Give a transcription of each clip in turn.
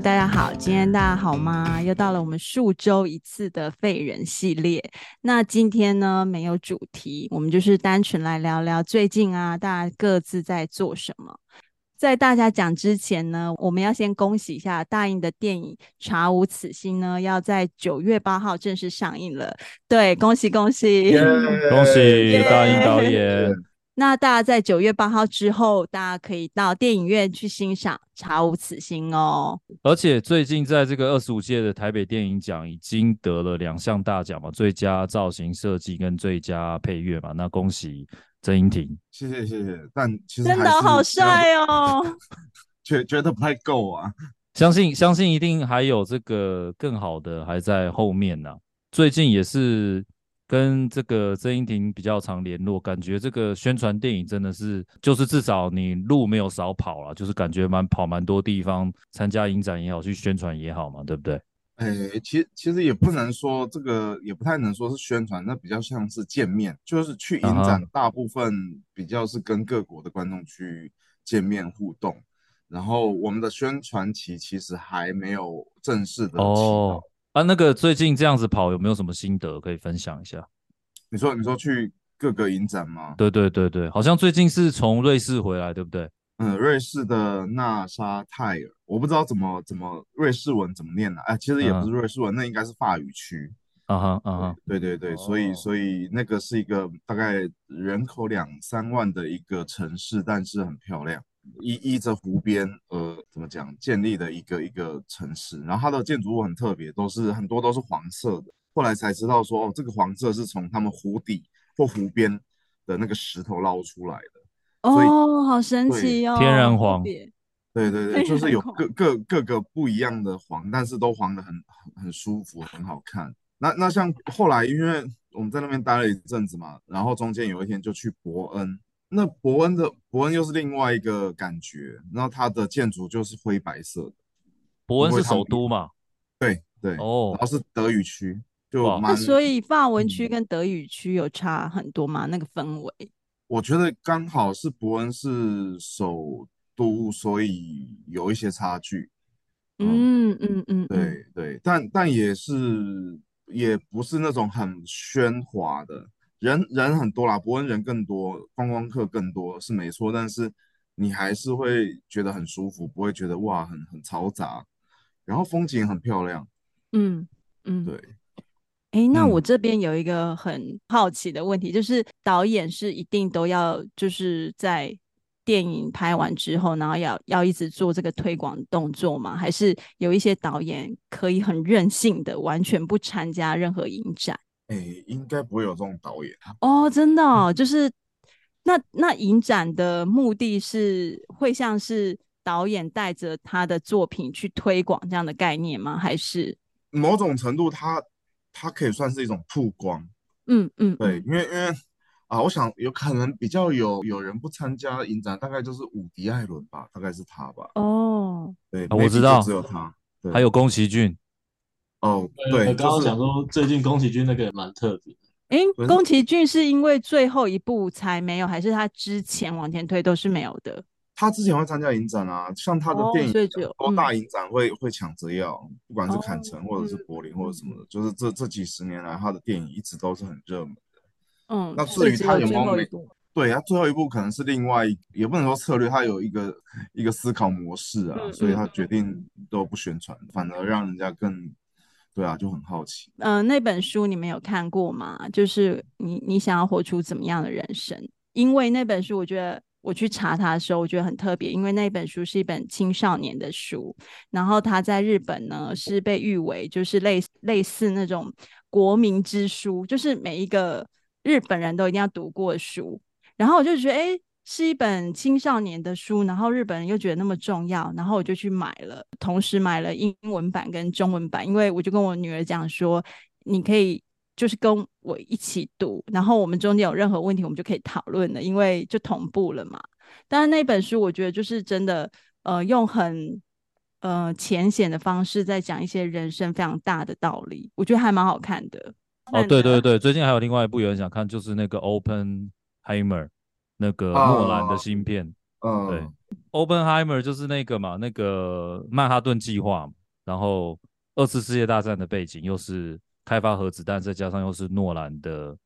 大家好，今天大家好嗎？又到了我們數周一次的廢人系列。那今天呢，沒有主題，我們就是單純來聊聊最近啊，大家各自在做什麼。在大家講之前呢，我們要先恭喜一下大英的電影《查無此心》呢，要在九月八號正式上映了。對，恭喜恭喜，yeah. 恭喜大英導演。Yeah. 那大家在九月八號之後，大家可以到電影院去欣賞《查無此心》哦。而且最近在這個二十五屆的台北電影獎，已經得了兩項大獎嘛，最佳造型設計跟最佳配樂嘛。那恭喜曾英庭、嗯，謝謝謝謝。但其實真的好帥哦，覺得覺得不太夠啊，相信相信一定還有這個更好的還在後面呢、啊。最近也是。跟這個曾英婷比較常聯絡，感覺這個宣傳電影真的是，就是至少你路沒有少跑了，就是感覺蠻跑蠻多地方，參加影展也好，去宣傳也好嘛，對不對？欸，其實其實也不能說這個，也不太能說是宣傳，那比較像是見面，就是去影展大部分比較是跟各國的觀眾去見面互動，然後我們的宣傳期其實還沒有正式的哦。啊，那個最近這樣子跑有沒有什麼心得可以分享一下？你說你說去各個影展嗎？對對對對，好像最近是從瑞士回來，對不對？嗯，瑞士的納沙泰爾，我不知道怎麼怎麼瑞士文怎麼念呢？啊，哎，其實也不是瑞士文，uh-huh. 那應該是法語區。啊哈啊哈，對對對，所以所以那個是一個大概人口兩三萬的一個城市，但是很漂亮。依依着湖邊，呃，怎麼講建立的一個一個城市，然後它的建築物很特別，都是很多都是黃色的。後來才知道說，哦，這個黃色是從他們湖底或湖邊的那個石頭撈出來的。哦，好神奇哦！天然黃。對對對，就是有各各各個不一樣的黃，但是都黃得很很很舒服，很好看。那那像後來，因為我們在那邊待了一陣子嘛，然後中間有一天就去伯恩。那伯恩的伯恩又是另外一個感覺，然後它的建築就是灰白色的。伯恩是首都嘛？對對哦，然後是德語區，就蠻，那所以法文區跟德語區有差很多嗎？那個氛圍？我覺得剛好是伯恩是首都，所以有一些差距。嗯嗯嗯，嗯，嗯，對對，但但也是也不是那種很喧嘩的。人人很多啦，伯恩人更多，觀光、光客更多是沒錯，但是你還是會覺得很舒服，不會覺得哇很很嘈雜，然後風景很漂亮。嗯嗯，對。誒，欸，那我這邊有一個很好奇的問題，嗯，就是導演是一定都要就是在電影拍完之後，然後要要一直做這個推廣動作嗎？還是有一些導演可以很任性的完全不參加任何影展？哎、欸，應該不會有這種導演，啊、哦，真的、哦嗯，就是那那影展的目的是會像是導演帶着他的作品去推廣這樣的概念嗎？還是某種程度他，他他可以算是一種曝光？嗯嗯，對，因為因為啊，我想有可能比較有有人不參加影展，大概就是伍迪·艾倫吧，大概是他吧？哦，對，啊 Maybe、我知道，只有他，對還有宮崎駿。哦、oh,，對，剛剛講說最近宮崎駿那個也蠻特別。誒、欸，宮崎駿是因為最後一部才沒有，還是他之前往前推都是沒有的？他之前會參加影展啊，像他的電影，各、oh, 哦、大影展會、嗯、會搶着要，不管是坎城或者是柏林或者什麼的，oh, 就是這這幾十年來他的電影一直都是很熱門的。嗯，那至於他有沒有沒？對，他最後一部可能是另外，也不能說策略，他有一個一個思考模式啊、嗯，所以他決定都不宣傳、嗯，反而讓人家更。對啊，就很好奇。嗯、呃，那本書你們有看過嗎？就是你，你想要活出怎麼樣的人生？因為那本書，我覺得我去查它的時候，我覺得很特別。因為那本書是一本青少年的書，然後它在日本呢是被譽為就是類類似那種國民之書，就是每一個日本人都一定要讀過的書。然後我就覺得，哎、欸。是一本青少年的書，然後日本人又覺得那麼重要，然後我就去買了，同時買了英文版跟中文版，因為我就跟我女兒講說，你可以就是跟我一起讀，然後我們中間有任何問題，我們就可以討論了，因為就同步了嘛。當然那本書我覺得就是真的，呃，用很呃淺顯的方式在講一些人生非常大的道理，我覺得還蠻好看的。哦，對對對，最近還有另外一部有人想看，就是那個 Oppenheimer。那個諾蘭的新片，嗯、uh, uh,，對、oh.，Oppenheimer 就是那個嘛，那個曼哈頓計劃，然後二次世界大戰的背景又是開發核子彈，再加上又是諾蘭的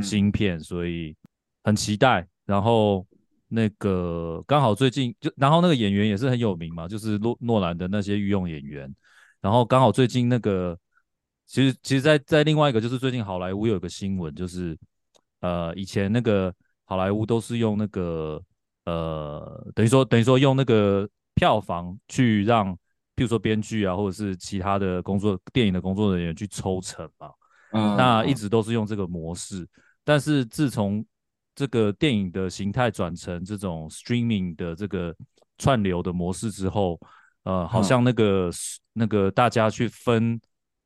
新片，嗯、所以很期待。然後那個剛好最近就，然後那個演員也是很有名嘛，就是諾諾蘭的那些御用演員。然後剛好最近那個，其實其實在，在在另外一個就是最近好萊塢有一個新聞，就是呃以前那個。好萊塢都是用那個呃，等於說等於說用那個票房去讓，譬如說編劇啊，或者是其他的工作電影的工作人員去抽成嘛。嗯，那一直都是用這個模式，嗯。但是自從這個電影的形態轉成這種 streaming 的這個串流的模式之後，呃，好像那個，嗯，那個大家去分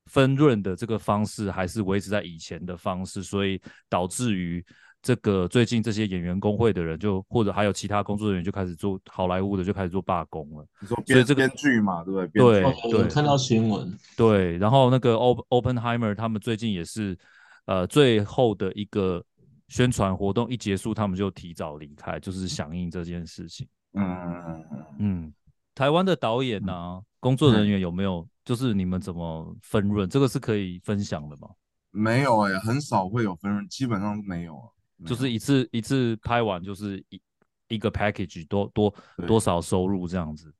分潤的這個方式還是維持在以前的方式，所以導致於。這個最近這些演員工會的人，就或者還有其他工作人員，就開始做好萊塢的就開始做罷工了。你說編，所以，這個、編劇嘛，對不對？對，對、嗯，看到新聞。對，然後那個 Oppenheimer 他們最近也是，呃，最後的一個宣傳活動一結束，他們就提早離開，就是響應這件事情。嗯嗯，嗯。台灣的導演呢、啊嗯，工作人員有沒有？嗯、就是你們怎麼分潤、嗯？這個是可以分享的嗎？沒有哎、欸，很少會有分潤，基本上沒有。就是一次一次拍完，就是一一個 package 多多多少收入這樣子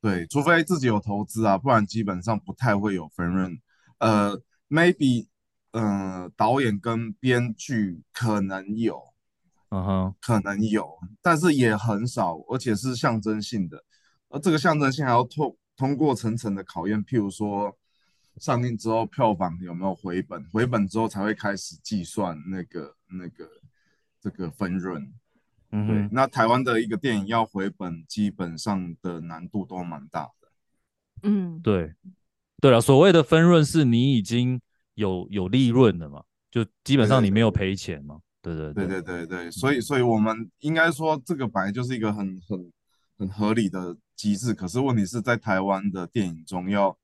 對。對，除非自己有投資啊，不然基本上不太會有分潤。呃，maybe，嗯、呃，導演跟編劇可能有，嗯哼，可能有，但是也很少，而且是象徵性的。而這個象徵性還要通通過層層的考驗，譬如說，上映之後票房有沒有回本，回本之後才會開始計算那個那個。這個分潤，嗯哼，那台灣的一個電影要回本，基本上的難度都蠻大的。嗯，對，對了，所謂的分潤是你已經有有利潤了嘛？就基本上你沒有賠錢嘛？對對對對對對，對對，嗯，所以所以我們應該說這個本來就是一個很很很合理的機制，可是問題是在台灣的電影中要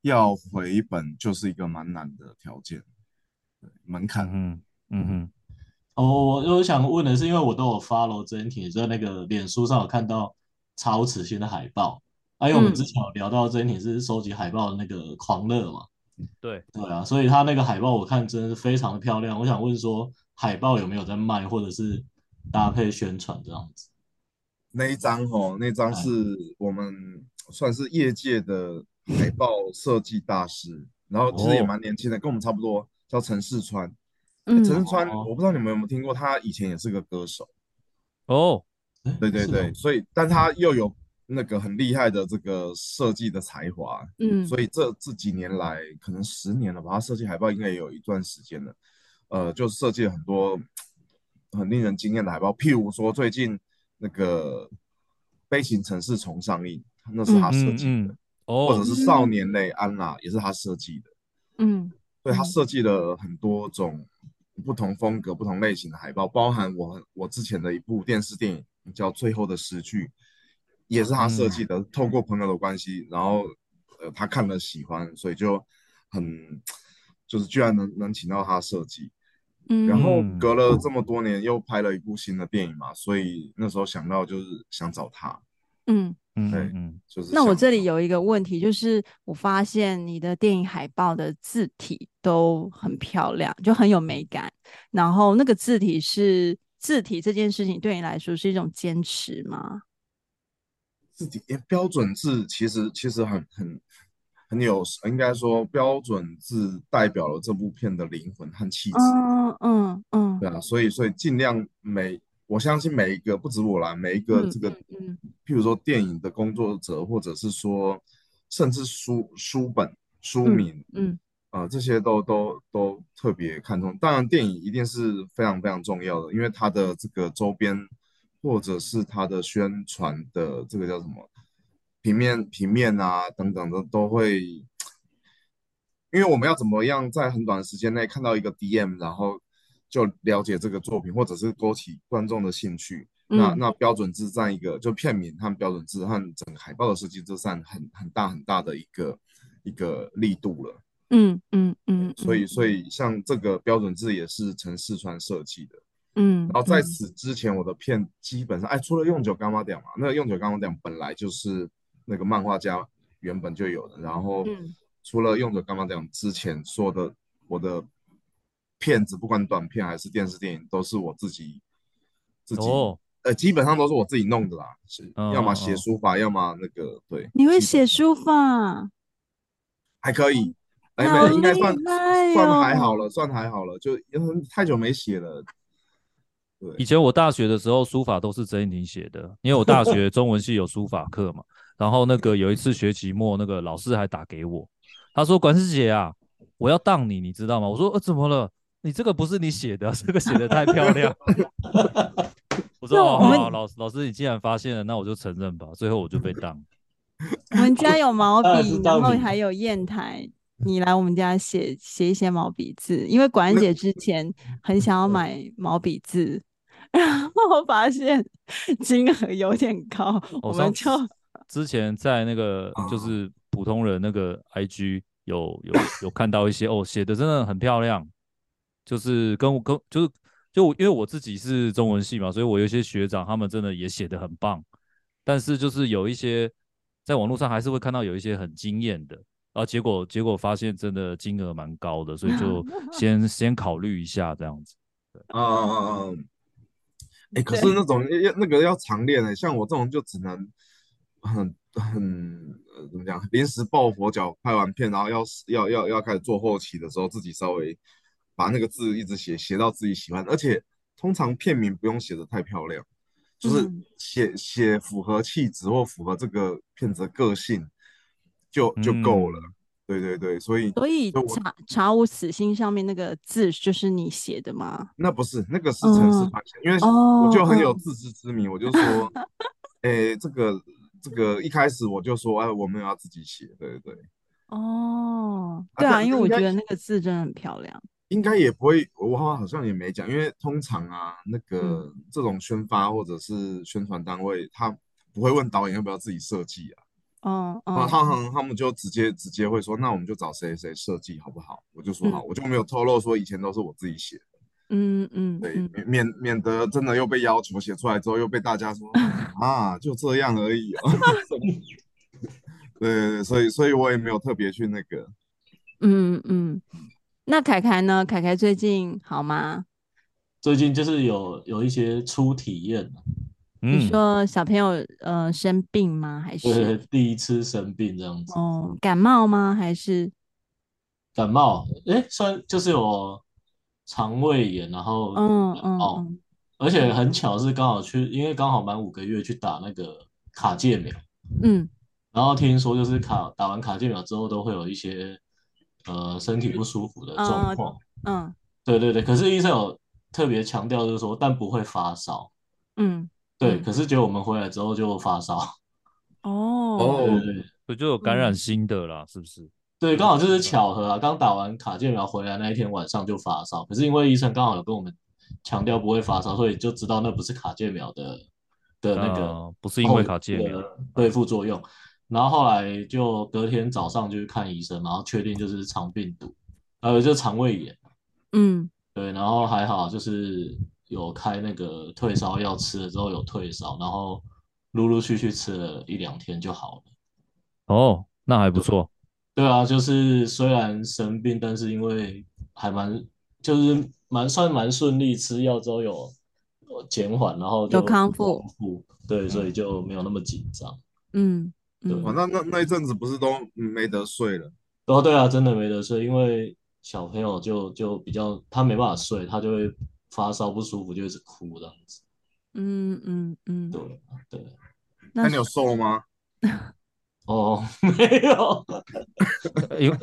要回本就是一個蠻難的條件，對，門檻，嗯嗯哼。哦，我我想問的是，因為我都有 follow 曾英庭，就在那個臉書上有看到查無此心的海報，而、哎、且我們之前有聊到曾英庭是收集海報的那個狂熱嘛，嗯、對對啊，所以他那個海報我看真的是非常的漂亮。我想問說，海報有沒有在賣，或者是搭配宣傳這樣子？那一張哦，那張是我們算是業界的海報設計大師， 然後其實也蠻年輕的，哦、跟我們差不多，叫陳世川。陳世川，我不知道你們有沒有聽過，他以前也是個歌手哦，對對對，所以但他又有那個很厲害的這個設計的才華，嗯，所以這這幾年來，可能十年了吧，他設計海報應該也有一段時間了，呃，就設計了很多很令人驚艷的海報，譬如說最近那個《悲情城市》重上映，那是他設計的，嗯嗯嗯、或者是《少年類、嗯、安娜》也是他設計的，嗯，對他設計了很多種。不同風格、不同類型的海報，包含我我之前的一部電視電影叫《最後的詩句》，也是他設計的，嗯啊。透過朋友的關係，然後呃，他看了喜歡，所以就很就是居然能能請到他設計。嗯，然後隔了這麼多年，又拍了一部新的電影嘛，所以那時候想到就是想找他。嗯對嗯對嗯、就是，那我這裡有一個問題，就是我發現你的電影海報的字體都很漂亮，嗯、就很有美感。然後那個字體是字體這件事情對你來說是一種堅持嗎？字體，欸、標準字其實其實很很很有，應該說標準字代表了這部片的靈魂和氣質。嗯嗯嗯，對啊，所以所以盡量美。我相信每一個不止我啦，每一個這個、嗯嗯嗯，譬如說電影的工作者，或者是說，甚至書書本書名，嗯啊、嗯呃，這些都都都特別看重。當然，電影一定是非常非常重要的，因為它的這個周邊，或者是它的宣傳的這個叫什麼平面平面啊、等等的都會，因為我們要怎麼樣在很短時間內看到一個 DM，然後。就了解這個作品，或者是勾起觀眾的興趣，嗯、那那標準字這一個，就片名它標準字和整個海報的設計，這算很很大很大的一個一個力度了。嗯嗯嗯。所以所以像這個標準字也是陳世川設計的。嗯。然後在此之前，我的片基本上，嗯、哎，除了用九柑仔店嘛，那個、用九柑仔店本來就是那個漫畫家原本就有的。然後除了用九柑仔店之前說的，我的、嗯，我的。片子不管短片還是電視電影，都是我自己自己、oh. 呃，基本上都是我自己弄的啦，是、oh. 要麼寫書法，oh. 要麼那個對。你會寫書法？Oh. 還可以，哎、oh. 欸欸，應該算、oh. 算還好了，算還好了，oh. 就因為太久沒寫了。對，以前我大學的時候書法都是曾一婷寫的，因為我大學中文系有書法課嘛。 然後那個有一次學期末，那個老師還打給我，他說：“管世傑啊，我要當你，你知道嗎？”我說：“呃，怎麼了？”你這個不是你寫的、啊，這個寫的太漂亮。 我說：“哦、好、老師，老師，你既然發現了，那我就承認吧。”最後我就被當。我們家有毛筆， 然後還有硯台。你來我們家寫寫一些毛筆字，因為管姐之前很想要買毛筆字， 然後我發現金額有點高，哦、我們就之前在那個就是普通人那個 IG 有有有看到一些 哦，寫的真的很漂亮。就是跟我跟就是就因為我自己是中文系嘛，所以我有些學長，他們真的也寫得很棒。但是就是有一些在網絡上還是會看到有一些很驚艷的，然後結果結果發現真的金額蠻高的，所以就先 先考慮一下這樣子。嗯啊、呃欸，可是那種要那個要常練的、欸，像我這種就只能很很，很、呃、怎麼講，臨時抱佛腳，拍完片，然後要要要要開始做後期的時候，自己稍微。把那個字一直寫，寫到自己喜歡，而且通常片名不用寫得太漂亮，嗯、就是寫寫符合氣質或符合這個片子的個性就就夠了、嗯。對對對，所以所以查《查查無此心》上面那個字就是你寫的嗎？那不是，那個是陳思川。因為我就很有自知之明，哦、我就說、哦，哎，這個這個一開始我就說，哎，我沒有要自己寫。對對對。哦、啊，對啊，因為我覺得那個字真的很漂亮。應該也不會，我好像也沒講，因為通常啊，那個、嗯、這種宣發或者是宣傳單位，他不會問導演要不要自己設計啊。哦哦，他可他們就直接直接會說，那我們就找誰誰設計好不好？我就說好、嗯，我就沒有透露說以前都是我自己寫的嗯嗯，對，嗯、免免得真的又被要求寫出來之後又被大家說 啊，就這樣而已啊、哦。， 對對對，所以所以我也沒有特別去那個。嗯嗯。那凱凱呢？凱凱最近好嗎？最近就是有有一些初體驗。嗯。你說小朋友呃生病嗎？還是第一次生病這樣子？哦，感冒嗎？還是感冒？哎，算就是有腸胃炎，然後嗯哦，嗯嗯，而且很巧是剛好去，因為剛好滿五個月去打那個卡介苗。嗯，然後聽說就是卡打完卡介苗之後都會有一些。呃，身體不舒服的狀況，嗯、uh, uh.，對對對，可是醫生有特別強調，就是說，但不會發燒，嗯、mm.，對，可是結果我們回來之後就發燒，哦，哦，所以就有感染新的啦，是不是？對，剛好就是巧合啊，剛打完卡介苗回來那一天晚上就發燒，可是因為醫生剛好有跟我們強調不會發燒，所以就知道那不是卡介苗的的那個，uh, 不是因為卡介苗的副作用。然後後來就隔天早上就去看醫生，然後確定就是腸病毒，還有，呃，就腸胃炎。嗯，對。然後還好，就是有開那個退燒藥吃了之後有退燒，然後陸陸續續吃了一兩天就好了。哦，那還不錯。對，對啊，就是雖然生病，但是因為還蠻就是蠻算蠻順利吃，吃藥之後有呃減緩，然後就康復。對，所以就沒有那麼緊張。嗯。嗯對，嗯、反正那那那一陣子不是都沒得睡了？哦，對啊，真的沒得睡，因為小朋友就就比較他沒辦法睡，他就會發燒不舒服，就會一直哭這樣子。嗯嗯嗯，對對。那你有瘦嗎？ 哦，沒有， 因為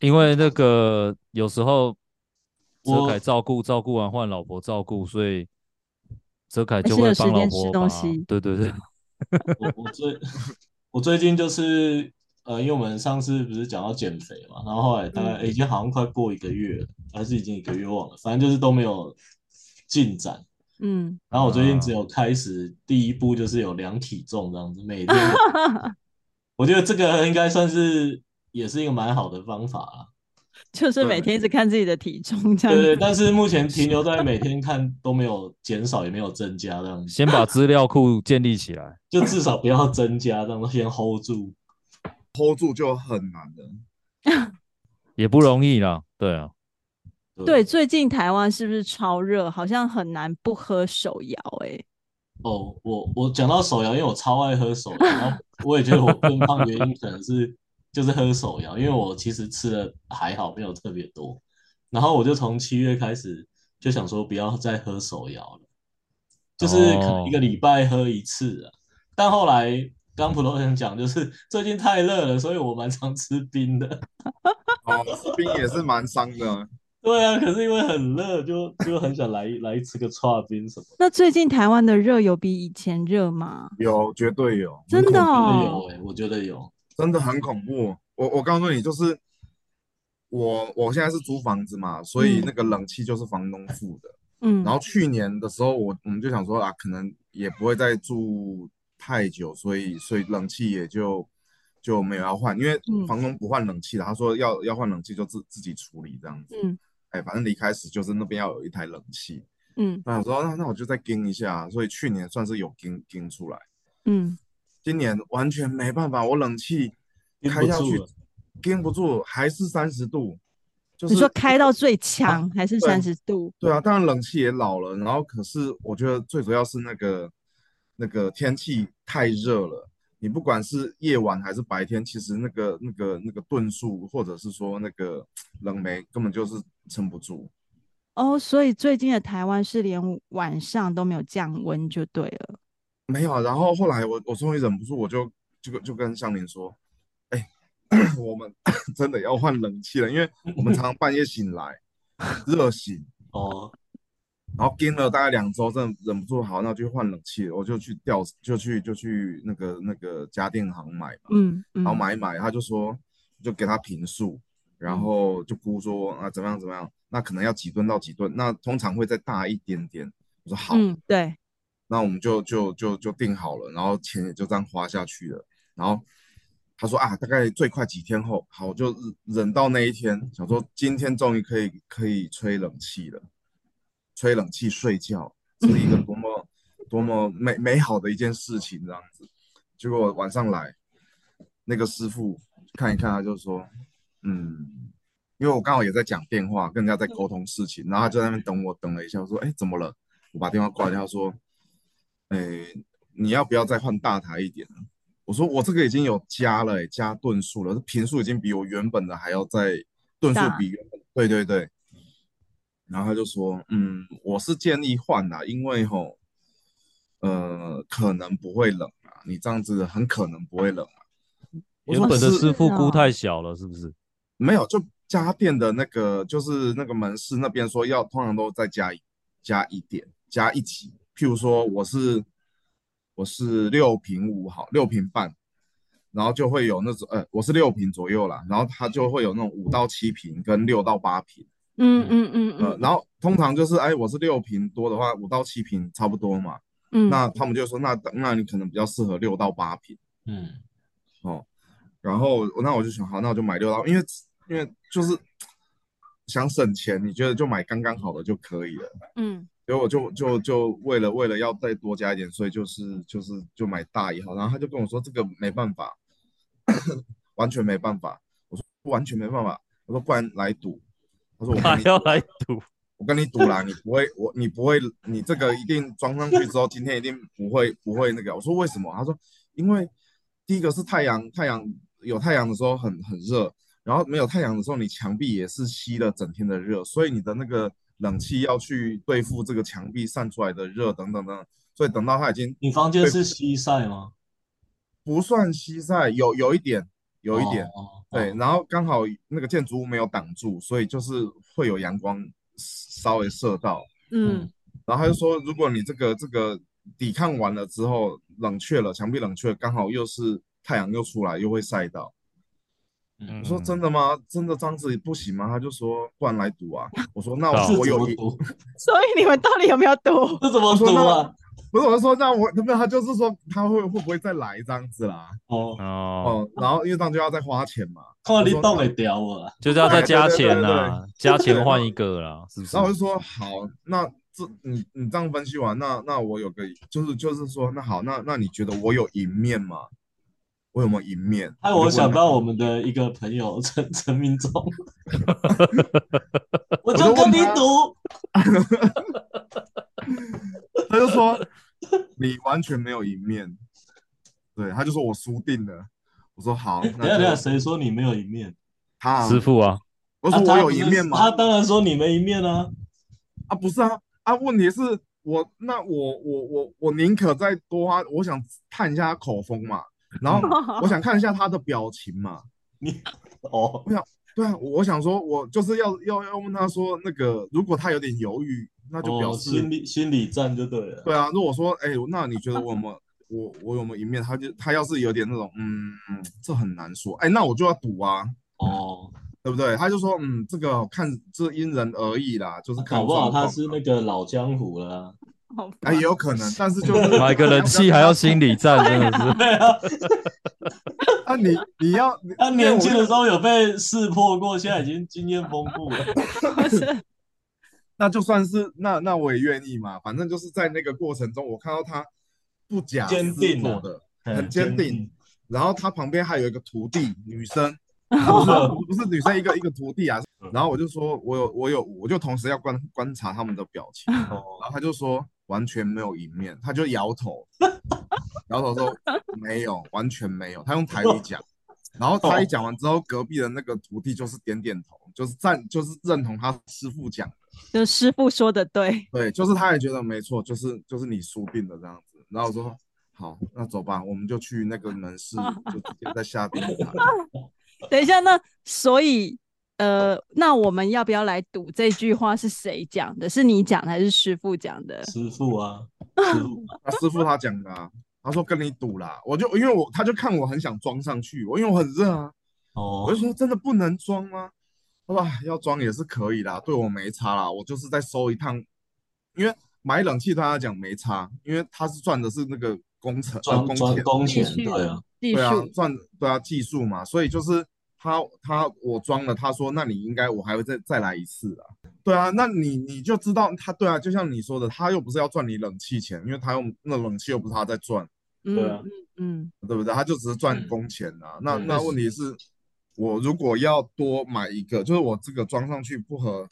因為那個有時候哲楷照顧照顧完換老婆照顧，所以哲楷就會幫老婆嘛吃東西。對對對。 我不是。我 我最近就是，呃，因為我們上次不是講到減肥嘛，然後後來大概、嗯欸、已經好像快過一個月了，還是已經一個月忘了，反正就是都沒有進展。嗯，然後我最近只有開始、嗯、第一步，就是有量體重這樣子，每天。 我覺得這個應該算是也是一個蠻好的方法啊。就是每天一直看自己的體重這樣子。對，對，對，但是目前停留在每天看都沒有減少，也沒有增加這樣子。 先把資料庫建立起來，就至少不要增加這樣，先 hold 住。 hold 住就很難的，也不容易啦。對啊。對，對對，最近台灣是不是超熱？好像很難不喝手搖哎、欸。哦，oh，我我講到手搖，因為我超愛喝手搖， 我也覺得我變胖原因可能是。 就是喝手搖，因為我其實吃的還好，沒有特別多。然後我就從七月開始就想說不要再喝手搖了，就是可能一個禮拜喝一次啊。Oh. 但後來剛普通人講，就是最近太熱了，所以我蠻常吃冰的。哦，吃冰也是蠻傷的。 對啊，可是因為很熱，就就很想來 來吃個剉冰什麼。那最近台灣的熱有比以前熱嗎？有，絕對有。真的哦。有、欸，我覺得有。真的很恐怖、哦，我我告訴你，就是我我現在是租房子嘛，嗯、所以那個冷氣就是房東付的。嗯，然後去年的時候我，我我們就想說啊，可能也不會再住太久，所以所以冷氣也就就沒有要換，因為房東不換冷氣的、嗯，他說要要換冷氣就自自己處理這樣子。嗯，哎、欸，反正離開時就是那邊要有一台冷氣。嗯，那我說、啊、那那我就再撐一下，所以去年算是有撐撐出來。嗯。今年完全沒辦法，我冷氣開下去，盯不，不住，還是三十度，就是。你說開到最強、啊？還是三十度，對，對啊，當然冷氣也老了。然後，可是我覺得最主要是那個那個天氣太熱了。你不管是夜晚還是白天，其實那個那個那個噸數或者是說那個冷媒根本就是撐不住。哦，所以最近的台灣是連晚上都沒有降溫，就對了。沒有、啊，然後後來我我終於忍不住，我就就就跟香林說，哎，我們真的要換冷氣了， 因為我們常常半夜醒來 熱醒哦，然後跟了大概兩周，真的忍不住，好，那就換冷氣。我就去調，就去就去，就去那個那個家電行買嘛，嗯，然後買一買，他就說就給他坪數，嗯、然後就估說啊怎麼樣怎麼樣，那可能要幾噸到幾噸，那通常會再大一點點，我說好，嗯，對。那我們就就就就定好了，然後錢也就這樣花下去了。然後他說啊，大概最快幾天後，好，就忍到那一天，想說今天終於可以可以吹冷氣了，吹冷氣睡覺是一個多麼多麼美美好的一件事情。這樣子，結果晚上來那個師傅看一看，他就說，嗯，因為我剛好也在講電話，跟人家在溝通事情，然後他就在那邊等我，等了一下，我說，哎，怎麼了？我把電話掛掉，他說。哎、欸，你要不要再換大台一點呢？我說我這個已經有加了、欸，加噸數了，這噸數已經比我原本的還要再噸數比原本、啊、對對對。然後他就說，嗯，我是建議換啦、啊，因為吼，呃，可能不會冷啊，你這樣子很可能不會冷啊。原本的師傅估太小了，是不是、哦哦？沒有，就家電的那個就是那個門市那邊說要，通常都再加加一點，加一級。譬如說我，我是我是六平五好，六平半，然後就會有那種，呃、欸，我是六平左右啦，然後他就會有那種五到七平跟六到八平，嗯嗯嗯，嗯，呃，然後通常就是，哎、欸，我是六平多的話，五到七平差不多嘛、嗯，那他們就說，那那你可能比較適合六到八平，嗯，好、哦，然後那我就想，好，那我就買六到，因為因為就是想省錢，你覺得就買剛剛好的就可以了，嗯。所以我就就就，就為了為了要再多加一點，所以就是就是就買大一號。然後他就跟我說這個沒辦法， 完全沒辦法。我說完全沒辦法。我說不然來賭。他說我你要來賭。我跟你賭啦 你，你不會我你不會你這個一定裝上去之後，今天一定不會不會那個。我說為什麼？他說因為第一個是太陽，太陽有太陽的時候很很熱，然後沒有太陽的時候，你牆壁也是吸了整天的熱，所以你的那個。冷氣要去對付這個牆壁散出來的熱，等等等，所以等到它已經你房間是西曬嗎？不算西曬，有有一點，有一點，哦、對、哦，然後剛好那個建築物沒有擋住，所以就是會有陽光稍微射到，嗯，然後他就說，如果你這個這個抵抗完了之後冷卻了，牆壁冷卻了，剛好又是太陽又出來，又會曬到。嗯、我說真的嗎？真的這樣子不行嗎？他就說不然來賭啊。我說那我有賭， 麼 所以你們到底有沒有賭？這怎麼賭啊說？不是我就說，那我他他就是說他會會不會再來這樣子啦？哦、oh. 哦、嗯，oh. 然後因為這樣就要再花錢嘛。靠你凍沒掉我了、oh.，oh. 我就是、oh. 要, oh. 要再加錢啦、啊，加錢換一個啦對對對、啊，是不是？然後我就說好，那這你你這樣分析完，那那我有個就是就是說那好，那那你覺得我有贏面嗎？我有沒有贏面，、啊、面？我想到我們的一個朋友陳陳明忠， 我就跟你賭， 他就說你完全沒有贏面，對，他就說我輸定了。我說好，那等誰說你沒有贏面？他師傅啊，我說我有贏面嗎、啊他？他當然說你沒贏面啊！啊，不是啊，啊，問題是，我那我我我我寧可再多花、啊，我想探一下他口風嘛。 然後我想看一下他的表情嘛 你、啊，你哦，我想對啊，我想說，我就是要要要問他說，那個如果他有點猶豫，那就表示、哦、心理心理戰就對了。對啊，如果說哎、欸，那你覺得我們， 我我有沒有贏面？他就他要是有點那種，嗯，嗯，這很難說。哎、欸，那我就要賭啊。哦，對不對？他就說，嗯，這個看是因人而異啦，就是看。啊、搞不好他是那個老江湖了。 也、欸、有可能，但是就是、 買個人氣還要心理戰，真的是。對 啊，那你你要他年輕的時候有被識破過，現在已經經驗豐富了。就 那就算是那，那我也願意嘛，反正就是在那個過程中，我看到他不假堅定、堅定。很、嗯、堅定，然後他旁邊還有一個徒弟，女生不是 不是女生，一個 一個徒弟啊。然後我就說我有我有，我就同時要觀觀察他們的表情。然後他就說。完全沒有贏面。他就搖頭，搖 頭說沒有，完全沒有。他用台語講， 然後他一講完之後，oh. 隔壁的那個徒弟就是點點頭，就是讚，就是認同他師傅講的，就是師傅說的對，對，就是他也覺得沒錯，就是就是你輸定了這樣子。然後我說好，那走吧，我們就去那個門市， 就直接在下訂單。 等一下，那所以。呃，那我們要不要來賭這句話是誰講的？是你講的還是師傅講的？師傅啊，師傅，他、 啊、師傅他講的、啊、他說跟你賭啦，我就因為我他就看我很想裝上去，我因為我很熱啊。哦，我就說真的不能裝嗎？好吧，要裝也是可以啦，對我沒差啦。我就是在收一趟，因為買冷氣他講沒差，因為他是賺的是那個工程工、啊、工錢，賺工錢對啊，對啊，技術賺，對啊，技術嘛，所以就是。他他我裝了，他說那你應該我還會再再來一次啊，對啊，那你你就知道他對啊，就像你說的，他又不是要賺你冷氣錢，因為他用那冷氣又不是他在賺、嗯，對啊，嗯對不對？他就只是賺工錢啊。嗯、那、嗯、那，那問題是，那是，我如果要多買一個，就是我這個裝上去不合，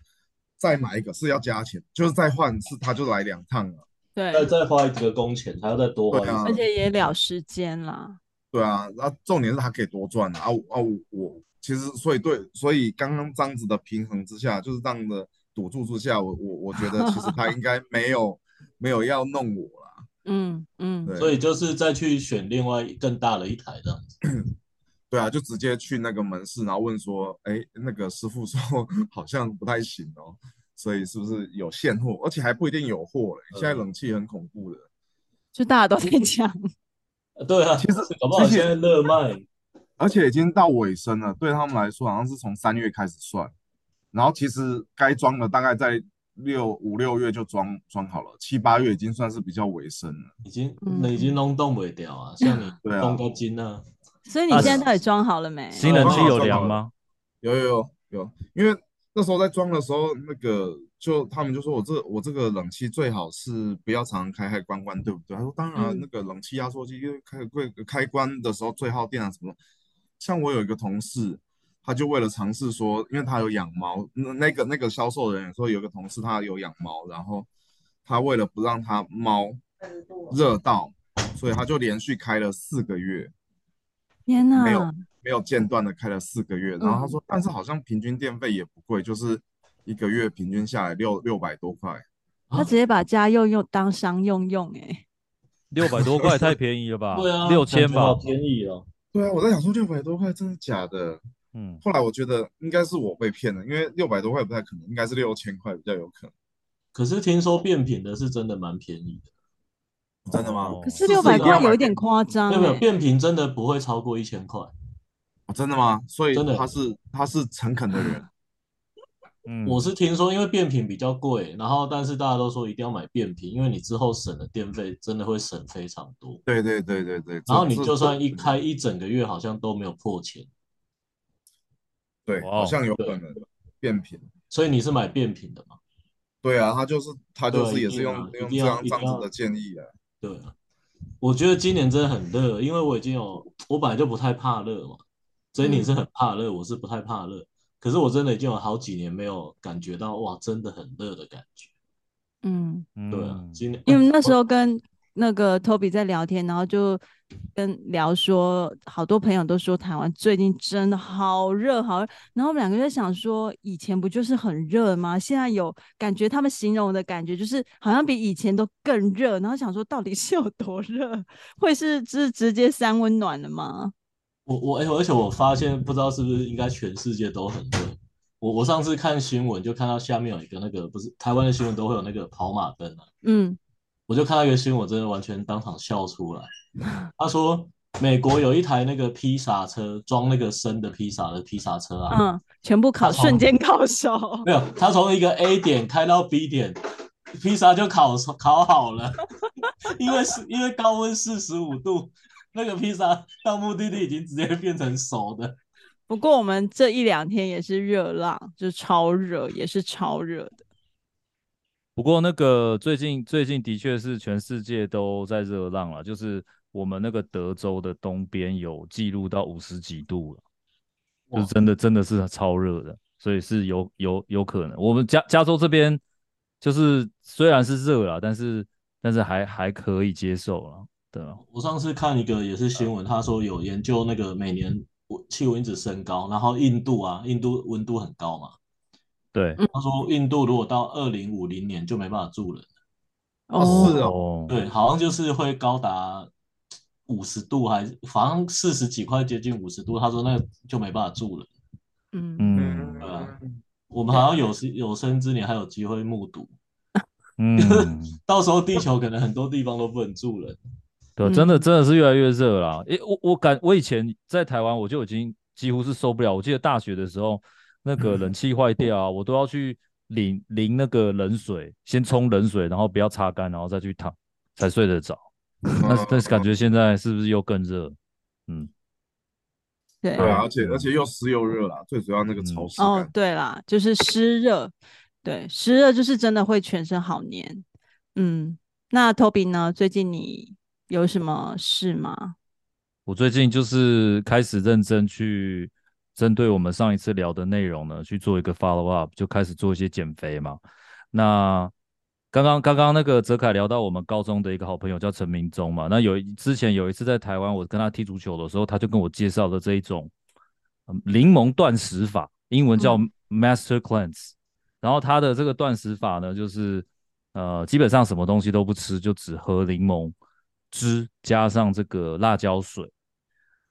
再買一個是要加錢，就是再換一次，他就來兩趟了，對，再再花一個工錢，他要再多對、啊、而且也了時間了。對啊，那、啊、重點是他可以多賺啊！哦、啊啊，我我其實所以對，所以剛剛這樣子的平衡之下，就是這樣的賭注之下，我我我覺得其實他應該沒有 沒有要弄我啦。嗯嗯，所以就是再去選另外更大的一台這樣子。 對啊，就直接去那個門市，然後問說，哎、欸，那個師傅說好像不太行哦、喔，所以是不是有現貨？而且還不一定有貨嘞、欸嗯。現在冷氣很恐怖的，就大家都在講。 對啊，其實之前熱賣而，而且已經到尾聲了。對他們來說，好像是從三月開始算，然後其實該裝的大概在六五六月就裝裝好了，七八月已經算是比較尾聲了、嗯。已經，你已經弄凍不掉了了 對啊，你凍到筋了所以你現在到底裝好了沒？啊、新冷氣有涼嗎？有有有有，因為那時候在裝的時候那個。就他們就說，我這我這個冷氣最好是不要常常開開關關，對不對？他說，當然、嗯、那個冷氣壓縮機因為開櫃開關的時候最耗電啊什麼。像我有一個同事，他就為了嘗試說，因為他有養貓，那個那個銷售人員說，有個同事他有養貓，然後他為了不讓他貓熱到，所以他就連續開了四個月，天吶，沒有沒有間斷的開了四個月，然後他說、嗯，但是好像平均電費也不貴，就是。一個月平均下來六六百多塊，他直接把家用用當商用用哎、欸，六 百多塊太便宜了吧？ 對啊，六千吧，好便宜哦。對啊，我在想說六百多塊真的假的？嗯，後來我覺得應該是我被騙了，因為六百多塊不太可能，應該是六千塊比較有可能。可是聽說變頻的是真的蠻便宜的、哦，真的嗎？哦、可是六百塊有一點誇張、欸，對沒有沒變頻真的不會超過一千塊。真的嗎？所以真的他是他是誠懇的人。嗯嗯、我是聽說因為變頻比較貴，然後但是大家都說一定要買變頻，因為你之後省的電費真的會省非常多。對對對對對。然後你就算一開一整個月，好像都沒有破錢。嗯、對，好像有可能，哦、變頻。所以你是買變頻的嗎？對啊，他就是他就是也是用用，一用這樣這樣的建議啊。對啊，我覺得今年真的很熱，因為我已經有我本來就不太怕熱嘛，所以你是很怕熱，嗯、我是不太怕熱。可是我真的已經有好幾年沒有感覺到哇，真的很熱的感覺。嗯，對啊，今年因為那時候跟那個 Toby 在聊天，然後就跟聊說，哦、好多朋友都說台灣最近真的好熱好熱。然後我們兩個就在想說，以前不就是很熱嗎？現在有感覺他們形容的感覺，就是好像比以前都更熱。然後想說，到底是有多熱？會是是直接三溫暖了嗎？我我而且而且我發現，不知道是不是應該全世界都很熱。我我上次看新聞，就看到下面有一個那個，不是台灣的新聞都會有那個跑馬燈啊。嗯，我就看到一個新聞，我真的完全當場笑出來。他說美國有一台那個披薩車，裝那個生的披薩的披薩車啊，嗯，全部烤，瞬間烤熟。沒有，他從一個 A 點開到 B 點，披薩就烤烤好了， 因為是因為高溫四十五度。那個披薩到目的地已經直接變成熟的。不過我們這一兩天也是熱浪，就是超熱，也是超熱的。不過那個最近最近的確是全世界都在熱浪了，就是我們那個德州的東邊有記錄到五十幾度了，就真的真的是超熱的，所以是有有有可能。我們加加州這邊就是雖然是熱了，但是但是還還可以接受了。對，我上次看一個也是新聞，他說有研究那個每年氣溫一直升高，然後印度啊，印度溫度很高嘛，對，他說印度如果到二零五零年就沒辦法住了，哦，是哦，對，好像就是會高達五十度還，還是反正四十幾塊接近五十度，他說那就沒辦法住了，嗯嗯、啊，我們好像有生有生之年還有機會目睹，嗯， 到時候地球可能很多地方都不能住了。對，真的真的是越來越熱了啦，嗯欸。我我感我以前在台灣，我就已經幾乎是受不了。我記得大學的時候，那個冷氣壞掉啊，嗯，我都要去淋淋那個冷水，先沖冷水，然後不要擦乾，然後再去躺才睡得着。是，嗯、 但是感覺現在是不是又更熱？嗯，對，啊，嗯而且而且又濕又熱啦，嗯、最主要那個潮濕。哦，對啦，就是濕熱，對濕熱就是真的會全身好黏。嗯，那 Toby 呢？最近你？有什麼事嗎？我最近就是開始認真去針對我們上一次聊的內容呢，去做一個 follow up，就開始做一些減肥嘛。那剛剛剛剛那個澤凱聊到我們高中的一個好朋友叫陳明忠嘛，那有之前有一次在台灣我跟他踢足球的時候，他就跟我介紹了這一種呃、檸檬斷食法，英文叫 Master Cleanse、嗯。然後他的這個斷食法呢，就是呃基本上什麼東西都不吃，就只喝檸檬。汁加上這個辣椒水，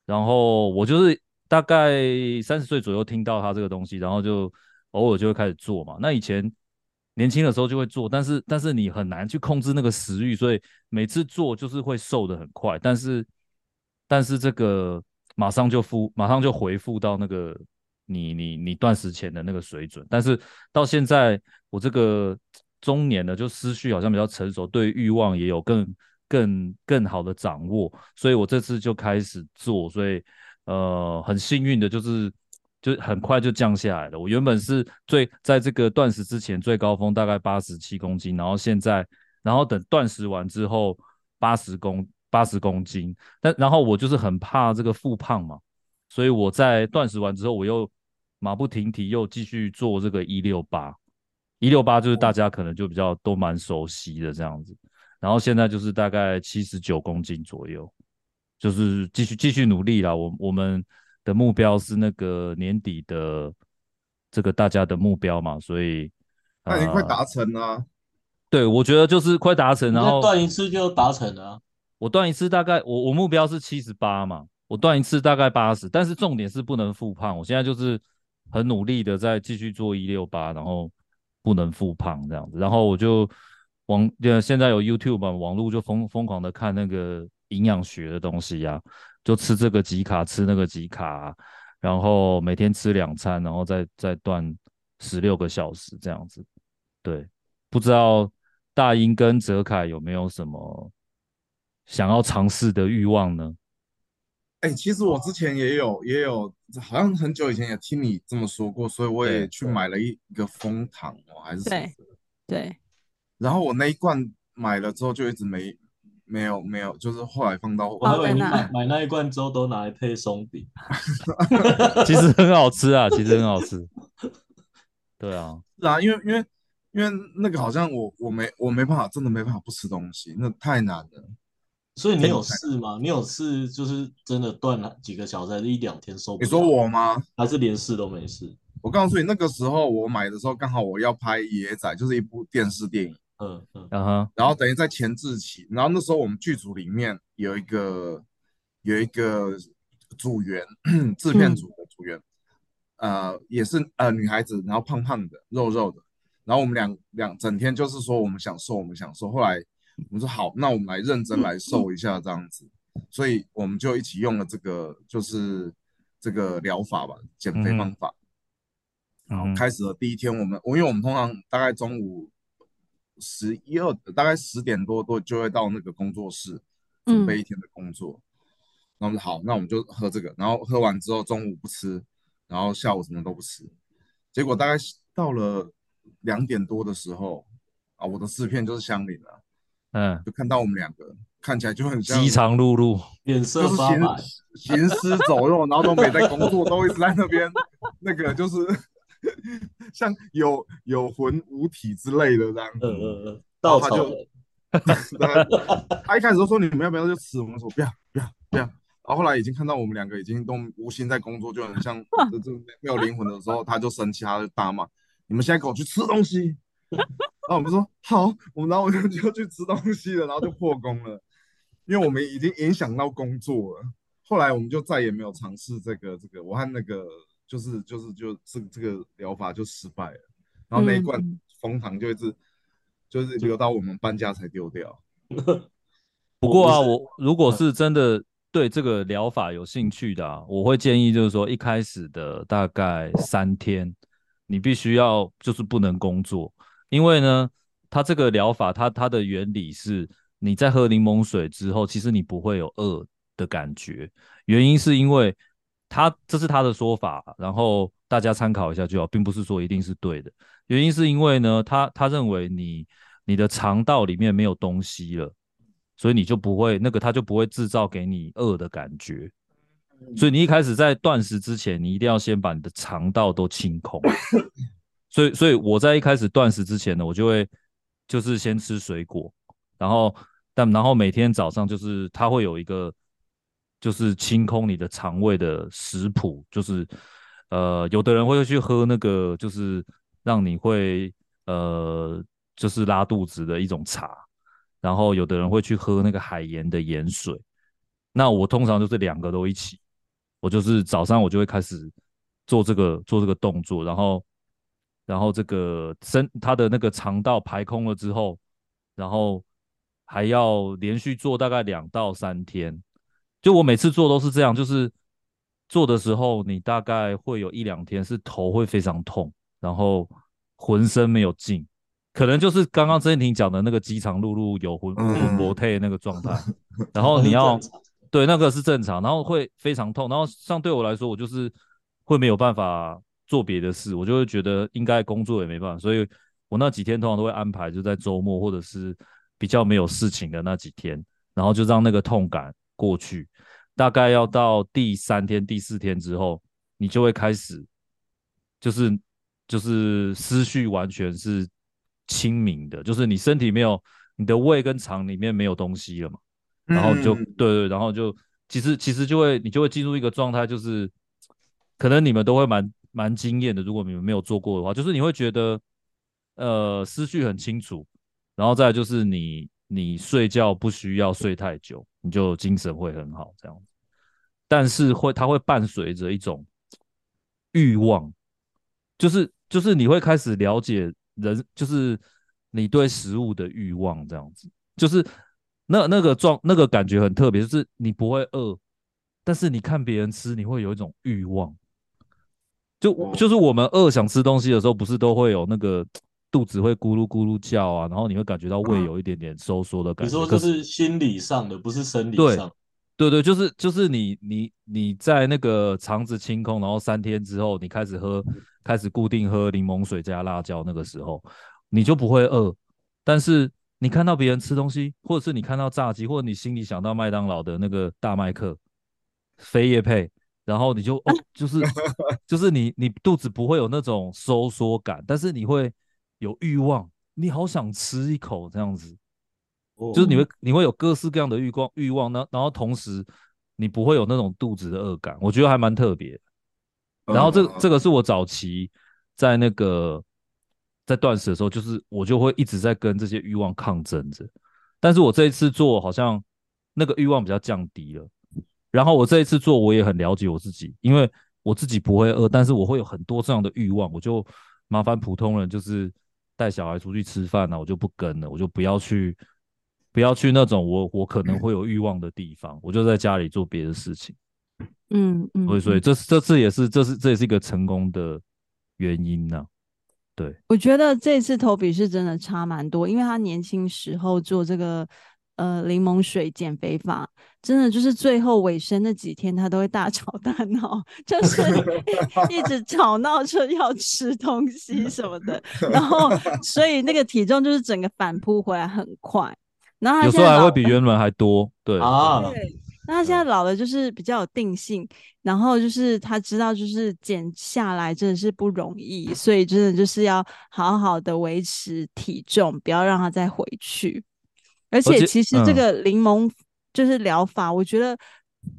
然後我就是大概三十歲左右聽到他這個東西，然後就偶爾就會開始做嘛。那以前年輕的時候就會做，但是但是你很難去控制那個食慾，所以每次做就是會瘦得很快，但是但是這個馬上就復馬上就回復到那個你你你斷食前的那個水準。但是到現在我這個中年呢，就思緒好像比較成熟，對慾望也有更。更更好的掌握，所以我這次就開始做，所以呃，很幸運的就是就很快就降下來了。我原本是最在這個斷食之前最高峰大概八十七公斤，然後現在然後等斷食完之後八十公八十公斤，但然後我就是很怕這個復胖嘛，所以我在斷食完之後我又馬不停蹄又繼續做這個一六八一六八，就是大家可能就比較都蠻熟悉的這樣子。然後現在就是大概七十九公斤左右，就是繼續繼續努力啦。我我們的目標是那個年底的這個大家的目標嘛，所以那你快達成啦。對，我覺得就是快達成，然後斷一次就達成啦。我斷一次大概我我目標是七十八嘛，我斷一次大概八十，但是重點是不能復胖。我現在就是很努力的在繼續做一六八，然後不能復胖這樣子，然後我就。網呃，現在有 YouTube 嘛？網絡就瘋瘋狂的看那個營養學的東西呀、啊，就吃這個幾卡，吃那個幾卡、啊，然後每天吃兩餐，然後再再斷十六個小時這樣子。對，不知道大英跟澤凱有沒有什麼想要嘗試的欲望呢？哎、欸，其實我之前也有也有，好像很久以前也聽你這麼說過，所以我也去買了一，對對對一個蜂糖我、哦、還是什麼？對。對然後我那一罐買了之後就一直沒，沒有沒有，就是後來放到。我以為，哦，哎，你買買那一罐之後都拿來配鬆餅。 其實很好吃啊，其實很好吃。 對啊。是啊，因為因為因為那個好像我我沒我沒辦法，真的沒辦法不吃東西，那太難了。所以你有試嗎？你有試就是真的斷了幾個小時，還是一兩天收。你說我嗎？還是連試都沒試？我告訴你，那個時候我買的時候剛好我要拍《野仔》，就是一部電視電影。嗯嗯，然後等於在前置期，然後那時候我們劇組裡面有一個有一個組員，制 片組的組員，呃，也是呃女孩子，然後胖胖的，肉肉的，然後我們兩兩整天就是說我們想瘦，我們想瘦，後來我們說好，那我們來認真來瘦一下這樣子，所以我們就一起用了這個就是這個療法吧，減肥方法，然後開始的第一天，我們我因為我們通常大概中午。十一二，大概十點多都就會到那個工作室，嗯、準備一天的工作。那我們好，那我們就喝這個，然後喝完之後中午不吃，然後下午什麼都不吃。結果大概到了兩點多的時候啊，我的製片就是相鄰了，嗯，就看到我們兩個看起來就很飢腸轆轆，臉色發白，行屍走肉， 然後都沒在工作，都一直在那邊 那個就是。 像有有魂無體之類的這樣子，到、嗯、他就 他一開始說說你們要不要就吃，我們說不要不要不要。然後後來已經看到我們兩個已經都無心在工作，就很像就沒有靈魂的時候，他就生氣，他就大罵你們現在給我去吃東西。 然後我們說好，我們然後就就去吃東西了，然後就破功了，因為我們已經影響到工作了。後來我們就再也沒有嘗試這個這個，我和那個。就是就是就是這個療法就失敗了，然後那一罐楓糖就一直、嗯、就是留到我們搬家才丟掉。 不過啊我不，我如果是真的對這個療法有興趣的、啊嗯，我會建議就是說，一開始的大概三天，你必須要就是不能工作，因為呢，它這個療法它它的原理是，你在喝檸檬水之後，其實你不會有餓的感覺，原因是因為。他，這是他的說法，然後大家參考一下就好，並不是說一定是對的。原因是因為呢，他他認為你你的腸道裡面沒有東西了，所以你就不會那個，他就不會製造給你餓的感覺。所以你一開始在斷食之前，你一定要先把你的腸道都清空。 所以，所以我在一開始斷食之前呢，我就會就是先吃水果，然後但然後每天早上就是他會有一個。就是清空你的腸胃的食譜，就是，呃，有的人會去喝那個，就是讓你會呃，就是拉肚子的一種茶，然後有的人會去喝那個海鹽的鹽水。那我通常就是兩個都一起，我就是早上我就會開始做這個做這個動作，然後，然後這個身它的那個腸道排空了之後，然後還要連續做大概兩到三天。就我每次做都是這樣，就是做的時候，你大概會有一兩天是頭會非常痛，然後渾身沒有勁，可能就是剛剛曾艷婷講的那個飢腸轆轆、有昏昏不退那個狀態。然後你要 對那個是正常，然後會非常痛，然後像對我來說，我就是會沒有辦法做別的事，我就會覺得應該工作也沒辦法，所以我那幾天通常都會安排就在週末或者是比較沒有事情的那幾天，然後就讓那個痛感過去。大概要到第三天、第四天之後，你就會開始、就是，就是就是思緒完全是清明的，就是你身體沒有，你的胃跟腸裡面沒有東西了嘛，然後就、嗯、對，對對，然後就其實其實就會你就會進入一個狀態，就是可能你們都會蠻蠻驚豔的，如果你們沒有做過的話，就是你會覺得呃思緒很清楚，然後再就是你。你睡覺不需要睡太久，你就精神會很好這樣子。但是會，它會伴隨着一種慾望，就是就是你會開始了解人，就是你對食物的慾望這樣子。就是那那個狀那個感覺很特別，就是你不會餓，但是你看別人吃，你會有一種慾望。就就是我們餓想吃東西的時候，不是都會有那個。肚子會咕嚕咕嚕叫啊，然後你會感覺到胃有一點點收縮的感覺。你說這是心理上的，不是生理上的。對對對，就是就是你你你在那個腸子清空，然後三天之後，你開始喝、嗯、開始固定喝檸檬水加辣椒，那個時候你就不會餓。但是你看到別人吃東西，或者是你看到炸雞，或者你心裡想到麥當勞的那個大麥克，非業配，然後你就哦，就是 就是你你肚子不會有那種收縮感，但是你會。有欲望，你好想吃一口這樣子，oh. 就是你會你會有各式各樣的欲望欲望呢，然後同時你不會有那種肚子的餓感，我覺得還蠻特別。然後這、oh. 這個是我早期在那個在斷食的時候，就是我就會一直在跟這些欲望抗爭着。但是我這一次做好像那個欲望比較降低了。然後我這一次做我也很了解我自己，因為我自己不會餓，但是我會有很多這樣的欲望，我就麻煩普通人就是。帶小孩出去吃飯呢、啊，我就不跟了，我就不要去，不要去那種我我可能會有慾望的地方，我就在家裡做別的事情。嗯嗯，所以所以這這次也是這是這也是一個成功的原因呢、啊。對，我覺得這次投筆是真的差蠻多，因為他年輕時候做這個。呃，檸檬水減肥法真的就是最後尾聲那幾天，他都會大吵大鬧，就是 一直吵鬧着要吃東西什麼的。然後，所以那個體重就是整個反撲回來很快。然後有時候還會比原本還多。對，啊，對，那他現在老了就是比較有定性，嗯，然後就是他知道就是減下來真的是不容易，所以真的就是要好好的維持體重，不要讓他再回去。而且其實這個檸檬就是療法，我覺得，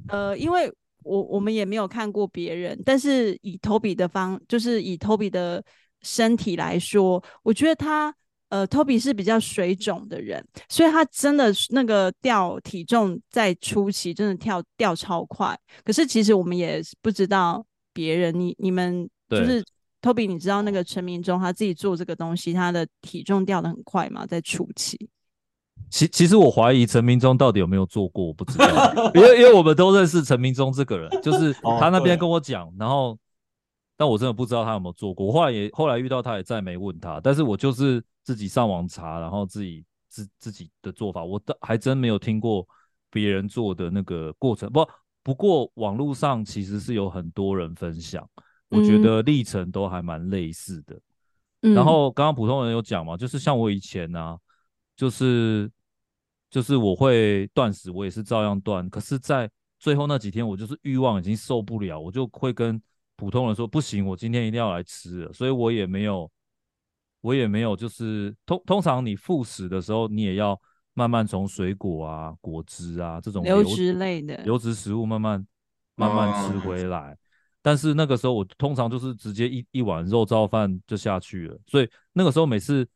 呃，因為我我們也沒有看過別人，但是以 Toby 的方，就是以 Toby 的身體來說，我覺得他呃，Toby 是比較水腫的人，所以他真的那個掉體重在初期真的掉掉超快。可是其實我們也不知道別人，你你們就是 Toby，你知道那個陳明忠他自己做這個東西，他的體重掉得很快嘛，在初期。其其實我懷疑陳明忠到底有沒有做過，我不知道， 因為因為我們都認識陳明忠這個人，就是他那邊跟我講，然後但我真的不知道他有沒有做過。後來也後來遇到他，也再也沒問他。但是我就是自己上網查，然後自己自自己的做法，我還真沒有聽過別人做的那個過程不。不不過網路上其實是有很多人分享，我覺得歷程都還蠻類似的。然後剛剛普通人有講嘛，就是像我以前呢、啊，就是。就是我會斷食，我也是照樣斷。可是，在最後那幾天，我就是欲望已經受不了，我就會跟普通人說不行，我今天一定要來吃。所以我也沒有，我也沒有，就是通通常你復食的時候，你也要慢慢從水果啊、果汁啊這種油脂類的油脂食物慢慢慢慢吃回來，哦。但是那個時候，我通常就是直接一一碗肉燥飯就下去了。所以那個時候每次。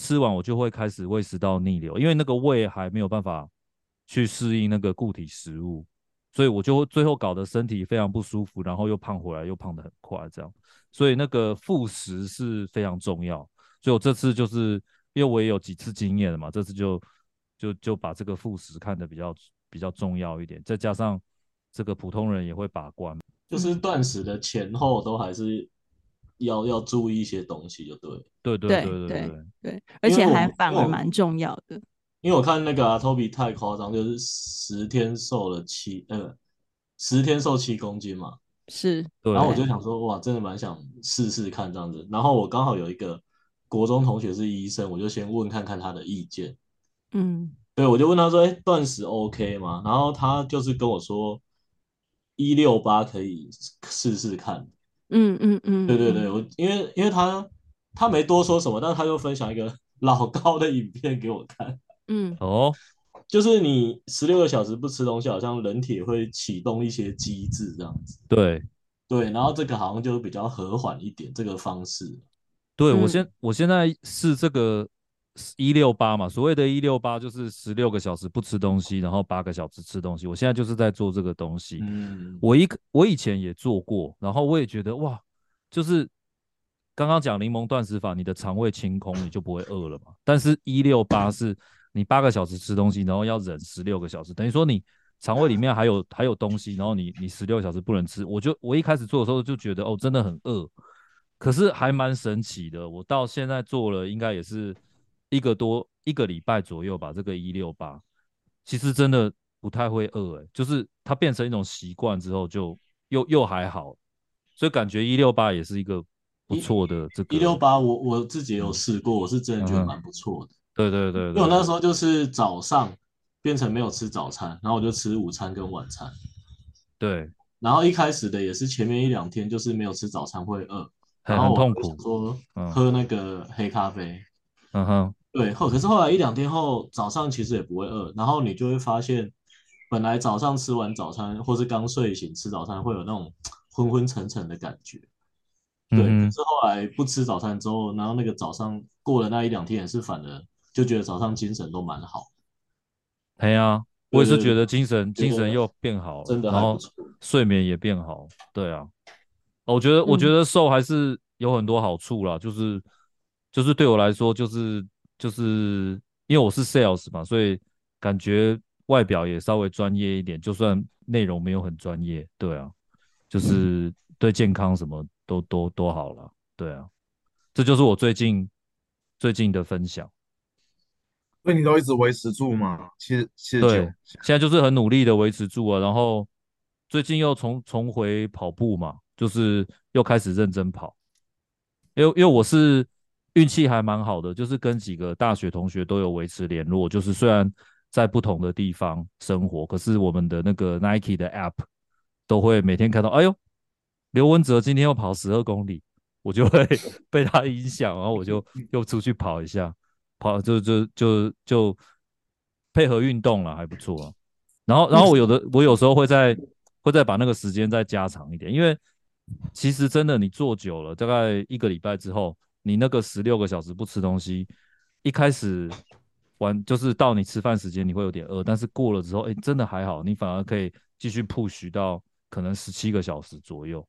吃完我就會開始胃食道逆流，因為那個胃還沒有辦法去適應那個固體食物，所以我就會最後搞得身體非常不舒服，然後又胖回來，又胖得很快，這樣。所以那個復食是非常重要，所以我這次就是因為我也有幾次經驗了嘛，這次就就就把這個復食看得比較比較重要一點，再加上這個普通人也會把關，就是斷食的前後都還是。要要注意一些東西，就對，對對對對對對，對，對，對，對，對，對，而且還反而蠻重要的。因為我，我，因為我看那個阿托比太誇張，就是十天瘦了七呃，十天瘦七公斤嘛，是。然後我就想說，哇，真的蠻想試試看這樣子。然後我剛好有一個國中同學是醫生、嗯，我就先問看看他的意見。嗯，對，我就問他說，哎、欸，斷食 OK 嗎？然後他就是跟我說，一六八可以試試看。嗯嗯嗯，對對對，我因為因為他他沒多說什麼，但是他又分享一個老高的影片給我看。嗯，哦，就是你十六個小時不吃東西，好像人體會啟動一些機制這樣子。對對，然後這個好像就比較和緩一點這個方式。對我現我現在試這個。嗯一六八嘛，所謂的一六八就是十六個小時不吃東西，然後八個小時吃東西。我現在就是在做這個東西。我一我以前也做過，然後我也覺得哇，就是剛剛講檸檬斷食法，你的腸胃清空，你就不會餓了嘛。但是一六八是你八個小時吃東西，然後要忍十六個小時，等於說你腸胃裡面還有還有東西，然後你你十六個小時不能吃。我就我一開始做的時候就覺得哦，真的很餓，可是還蠻神奇的。我到現在做了，應該也是。一個多一個禮拜左右吧，這個一六八，其實真的不太會餓哎、欸，就是它變成一種習慣之後，就又又還好，所以感覺一六八也是一個不錯的這個。一六八，我我自己有試過、嗯，我是真的覺得蠻不錯的。嗯、對,對對對，因為我那時候就是早上變成沒有吃早餐，然後我就吃午餐跟晚餐。對，然後一開始的也是前面一兩天就是沒有吃早餐會餓，然後痛苦。喝那個黑咖啡。嗯,嗯哼。對後，可是後來一兩天後早上其實也不會餓，然後你就會發現，本來早上吃完早餐或是剛睡醒吃早餐會有那種昏昏沉沉的感覺，對。嗯嗯，可是後來不吃早餐之後，然後那個早上過了那一兩天也是，反而就覺得早上精神都蠻好。對呀、啊，我也是覺得精神對對精神又變好了，真的，然後睡眠也變好。對啊，我覺得、嗯、我覺得瘦還是有很多好處啦，就是就是對我來說就是。就是因為我是 sales 嘛，所以感覺外表也稍微專業一點，就算內容沒有很專業，對啊，就是對健康什麼都、嗯、都都、都好了，對啊，這就是我最近最近的分享。所以你都一直維持住嘛？其實其實，對，現在就是很努力的維持住啊，然後最近又重重回跑步嘛，就是又開始認真跑，因為因為我是。運氣還蠻好的，就是跟幾個大學同學都有維持聯絡。就是雖然在不同的地方生活，可是我們的那個 Nike 的 App 都會每天看到。哎呦，劉文哲今天又跑十二公里，我就會被他影響，然後我就又出去跑一下，跑就就就就就配合運動了，還不錯。然後然後我有的我有時候會再會再把那個時間再加長一點，因為其實真的你做久了，大概一個禮拜之後。你那個十六個小時不吃東西，一開始玩就是到你吃飯時間，你會有點餓，但是過了之後，哎，真的還好，你反而可以繼續 push 到可能十七個小時左右。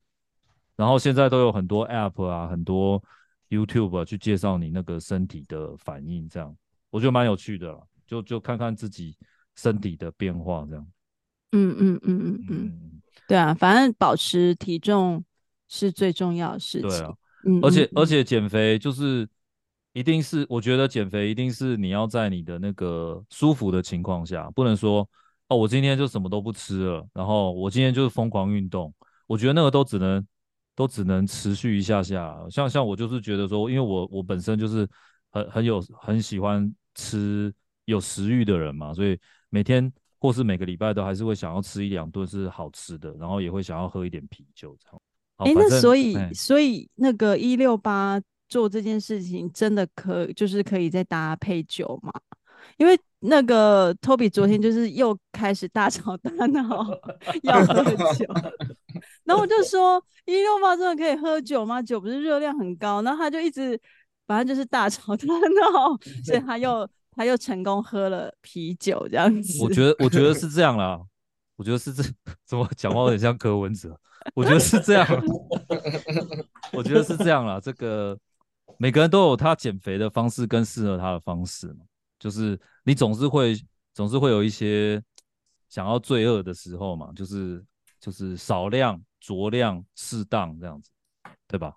然後現在都有很多 app 啊，很多 YouTube 啊，去介紹你那個身體的反應，這樣我覺得蠻有趣的啦，就就看看自己身體的變化這樣。嗯嗯嗯嗯嗯，對啊，反正保持體重是最重要的事情。對啊。而且而且減肥就是，一定是我覺得減肥一定是你要在你的那個舒服的情況下，不能說哦，我今天就什麼都不吃了，然後我今天就是瘋狂運動。我覺得那個都只能都只能持續一下下。像像我就是覺得說，因為我我本身就是很很有很喜歡吃有食慾的人嘛，所以每天或是每個禮拜都還是會想要吃一兩頓是好吃的，然後也會想要喝一點啤酒這樣。哎、欸，那所以所以那個一六八做這件事情真的可，就是可以再搭配酒嗎？因為那個托比昨天就是又開始大吵大鬧要喝酒， 然後我就說，一六八真的可以喝酒嗎？酒不是熱量很高？然後他就一直反正就是大吵大鬧，所以他又他又成功喝了啤酒這樣子。 我覺得我覺得是這樣啦，我覺得是這，怎麼講話有點像柯文哲。 我覺得是這樣， 我覺得是這樣啦，這個每個人都有他減肥的方式跟適合他的方式嘛，就是你總是會，總是會有一些想要罪惡的時候嘛。就是就是少量、酌量、適當這樣子，對吧？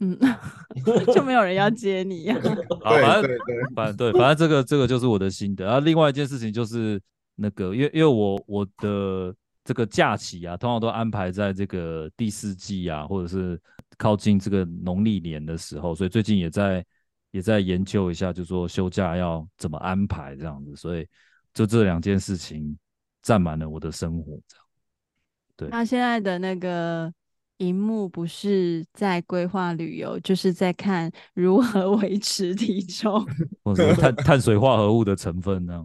嗯 就沒有人要接你呀。啊。啊， 反正，對對對。反正，對，反正這個這個就是我的心得。啊，另外一件事情就是那個，因為因為我我的。這個假期啊，通常都安排在這個第四季啊，或者是靠近這個農曆年的時候，所以最近也在也在研究一下，就是說休假要怎麼安排這樣子。所以就這兩件事情占滿了我的生活這樣，對。那現在的那個熒幕不是在規劃旅遊，就是在看如何維持體重， 或者碳碳水化合物的成分那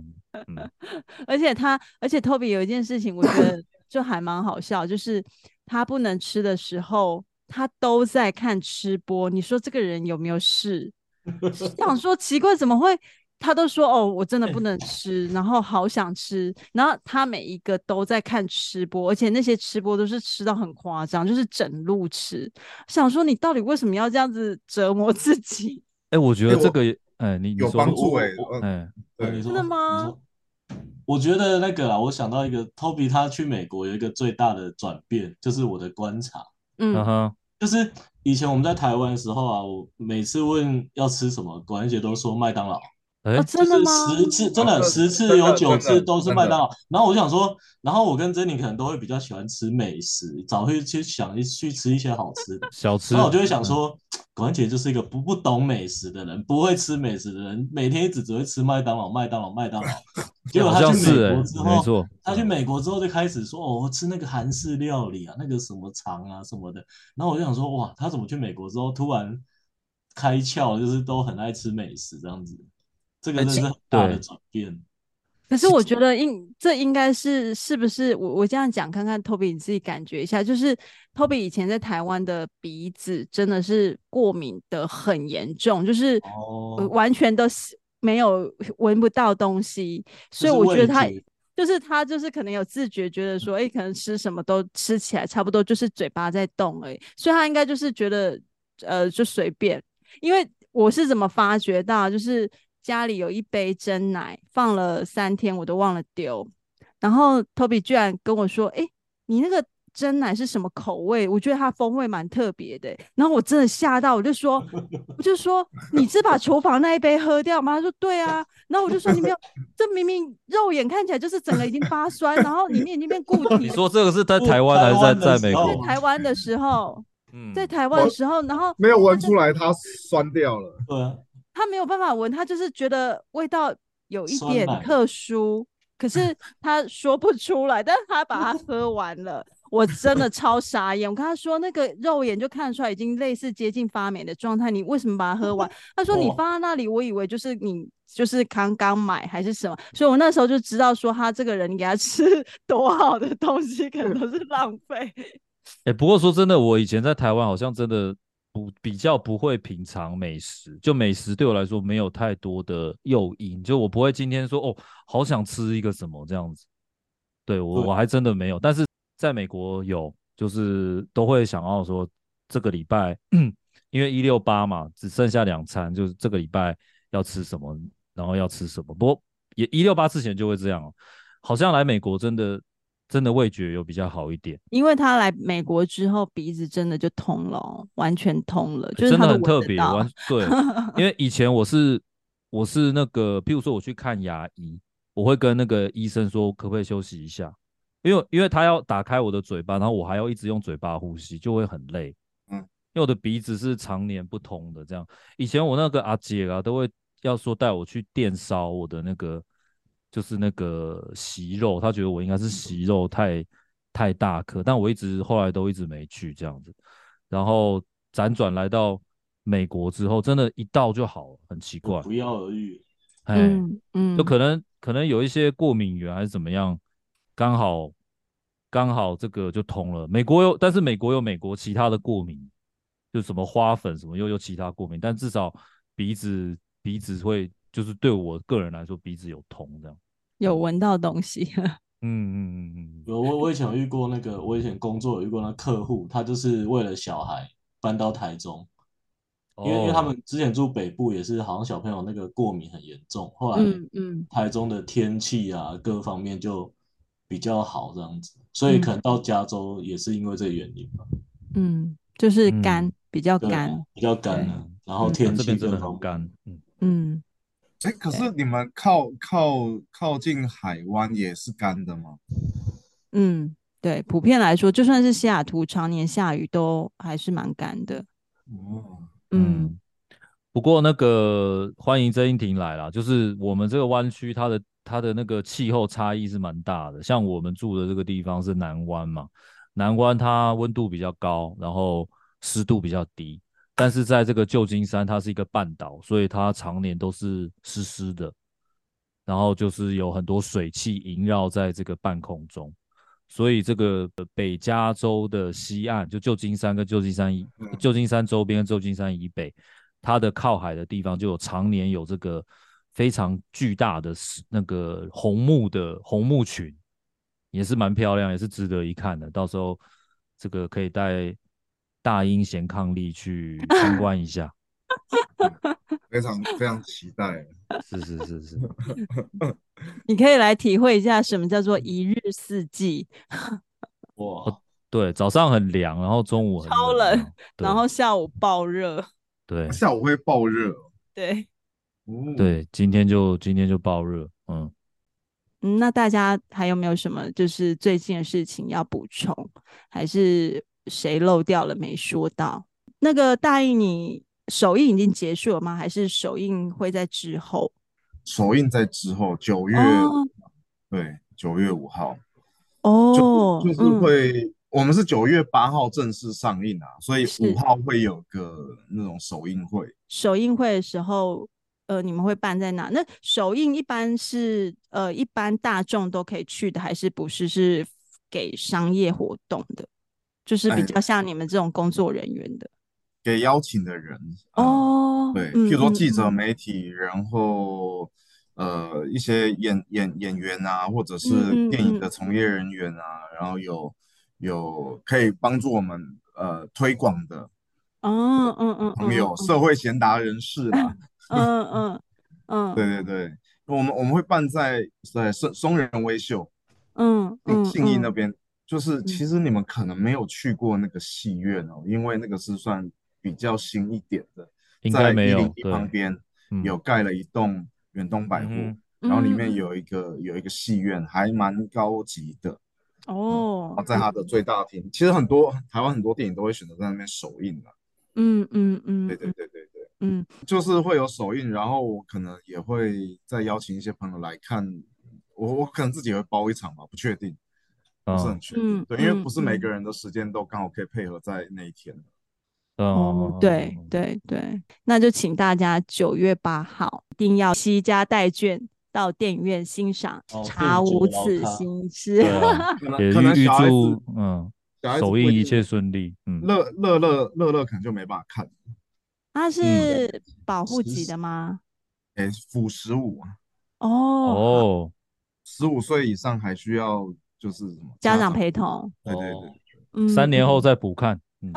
而且他，而且 Toby 有一件事情，我覺得就還蠻好笑， 就是他不能吃的時候，他都在看吃播。你說這個人有沒有事？ 想說奇怪，怎麼會？他都說哦，我真的不能吃， 然後好想吃，然後他每一個都在看吃播，而且那些吃播都是吃到很誇張，就是整路吃。想說你到底為什麼要這樣子折磨自己？哎、欸，我覺得這個，哎、欸欸欸，你有幫助哎、欸，哎、欸，真的嗎？我覺得那個啊，我想到一個，Toby 他去美國有一個最大的轉變，就是我的觀察，嗯哼，就是以前我們在台灣的時候啊，我每次問要吃什麼，管姐都說麥當勞。欸啊、真的嗎？就是、十次真的、啊、十次有九次都是麥當勞。然後我想說，然後我跟珍妮可能都會比較喜歡吃美食，早會去想一去吃一些好吃的小吃。那我就會想說，管姐就是一個不不懂美食的人，不會吃美食的人，每天一直只會吃麥當勞、麥當勞、麥當勞。 結果他去美國之後，欸、他去美國之後，他去美國之後就開始說，哦，我吃那個韓式料理啊，那個什麼腸啊什麼的。然後我就想說，哇，他怎麼去美國之後突然開竅，就是都很愛吃美食這樣子？這個真的很大的轉變、欸，可是我覺得應這應該是，是不是我我這樣講看看，托比你自己感覺一下，就是托比以前在台灣的鼻子真的是過敏的很嚴重，就是哦完全都是沒有聞不到東西、哦，所以我覺得他是就是他就是可能有自覺覺得說，誒、嗯欸，可能吃什麼都吃起來差不多，就是嘴巴在動而已，所以他應該就是覺得呃就隨便，因為我是怎麼發覺到就是。家裡有一杯珍奶，放了三天，我都忘了丟。然後 Toby 居然跟我說：“哎、欸，你那個珍奶是什麼口味？我覺得它風味蠻特別的、欸。”然後我真的嚇到，我就說：“我就說你是把廚房那一杯喝掉嗎？” 他說：“對啊。”然後我就說：“你沒有？ 這明明肉眼看起來就是整個已經發酸，然後裡面已經變固體。”你說這個是在台灣還是在美國？在台灣的時候， 嗯，在台灣的時候，然後沒有聞出來它酸掉了，對、啊。他沒有辦法聞，他就是覺得味道有一點特殊，可是他說不出來。 但是他把它喝完了， 我真的超傻眼。 我跟他說，那個肉眼就看得出來，已經類似接近發霉的狀態。你為什麼把它喝完？ 他說你放在那裡，我以為就是你就是剛剛買還是什麼。所以我那時候就知道說，他這個人你給他吃多好的東西， 可能都是浪費。哎、欸，不過說真的，我以前在台灣好像真的。不比較不會品嘗美食，就美食對我來說沒有太多的誘因，就我不會今天說哦，好想吃一個什麼這樣子。對，我，嗯，我還真的沒有，但是在美國有，就是都會想要說這個禮拜，因為168嘛，只剩下兩餐，就是這個禮拜要吃什麼，然後要吃什麼。不過也168之前就會這樣，哦，好像來美國真的。真的味覺有比較好一點，因為他來美國之後鼻子真的就通了，哦，完全通了，就是欸，真的很特別。完 對，因為以前我是我是那個，比如說我去看牙醫，我會跟那個醫生說可不可以休息一下，因為因為他要打開我的嘴巴，然後我還要一直用嘴巴呼吸，就會很累。嗯，因為我的鼻子是常年不通的，這樣以前我那個阿姐啊都會要說帶我去電燒我的那個。就是那個息肉，他覺得我應該是息肉太、嗯、太大顆，但我一直後來都一直沒去這樣子。然後輾轉來到美國之後，真的，一到就好，很奇怪，不藥而愈。哎、欸嗯，嗯，就可能可能有一些過敏源還是怎麼樣，剛好剛好這個就通了。美國有，但是美國有美國其他的過敏，就什麼花粉什麼，又有，有其他過敏，但至少鼻子鼻子會，就是對我個人來說，鼻子有通這樣。有聞到東西。嗯，嗯嗯嗯，有，我我以前有遇過那個，我以前工作有遇過那個客戶，他就是為了小孩搬到台中，因為、哦、因為他們之前住北部，也是好像小朋友那個過敏很嚴重，後來嗯，台中的天氣啊，各方面就比較好這樣子，嗯嗯，所以可能到加州也是因為這個原因吧。嗯，就是乾、嗯、比較乾、嗯、比較乾，然後天氣真的好乾，嗯嗯。哎、欸，可是你們靠靠靠近海灣也是乾的嗎？嗯，對，普遍來說，就算是西雅圖常年下雨，都還是蠻乾的。哦、嗯，嗯。不過那個歡迎曾一婷來啦，就是我們這個灣區，它的它的那個氣候差異是蠻大的。像我們住的這個地方是南灣嘛，南灣它溫度比較高，然後濕度比較低。但是在這個舊金山，它是一個半島，所以它常年都是濕濕的，然後就是有很多水汽縈繞在這個半空中，所以這個北加州的西岸，就舊金山跟舊金山舊金山周邊、舊金山以北，它的靠海的地方就有常年有這個非常巨大的那個紅木的紅木群，也是蠻漂亮，也是值得一看的。到時候這個可以帶。大英賢伉儷去參觀一下， 非常非常期待。是是是是，是， 你可以來體會一下什麼叫做一日四季。哇，哦、對，早上很涼，然後中午很冷超冷，然後下午爆熱。對，下午會爆熱。對、哦，對，今天就今天就爆熱、嗯。嗯，那大家還有沒有什麼就是最近的事情要補充，嗯，還是？誰漏掉了沒說到？那個大英你首映，你首映已經結束了嗎？還是首映會在之後？首映在之後，九月，哦、對，九月五號。哦，就、就是會、嗯，我們是九月八號正式上映啊，所以五號會有個那種首映會。首映會的時候，呃，你們會辦在哪？那首映一般是呃，一般大眾都可以去的，還是不是是給商業活動的？就是比較像你們這種工作人員的。欸、給邀請的人哦、oh, 嗯，對，譬如說記者、媒體，嗯、然後呃，一些演演演員啊，或者是電影的從業人員啊，嗯嗯、然後有有可以幫助我們呃推廣的哦、oh, 嗯嗯，朋友、嗯嗯、社會賢達人士嘛、啊，嗯嗯嗯，對對對，我們我們會辦在在松松仁威秀，嗯嗯，信義那邊。Um, um. 就是，其實你們可能沒有去過那個戲院哦，因為那個是算比較新一點的，應該沒有，在一零一旁邊有蓋了一棟遠東百貨，嗯，然後裡面有一個、嗯、有一個戲院，還蠻高級的哦。嗯嗯、在它的最大廳、嗯，其實很多台灣很多電影都會選擇在那邊首映的。嗯嗯嗯，嗯對，對對對對對，嗯，就是會有首映，然後我可能也會再邀請一些朋友來看，我我可能自己會包一場吧，不確定。不是很確定、嗯，對，因為不是每個人的時間都剛好可以配合在那一天哦、嗯嗯，對對對，那就請大家九月八號一定要攜家帶眷，到電影院欣賞《查無此心事》，哦、可能 也預祝，嗯，首映一切順利。樂樂樂樂樂可能就沒辦法看。他是保護級的嗎？哎，輔、欸、十五啊。哦哦，十五歲以上還需要。就是家長陪同，對對對，嗯、三年後再補看、嗯，嗯、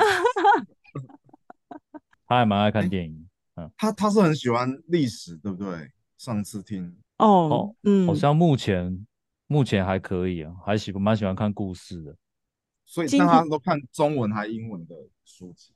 他還蠻愛看電影，欸嗯、他他是很喜歡歷史，對不對？上次聽哦，哦，嗯，好像目前目前還可以啊，還喜蠻喜歡看故事的，所以經常他都看中文還英文的書籍，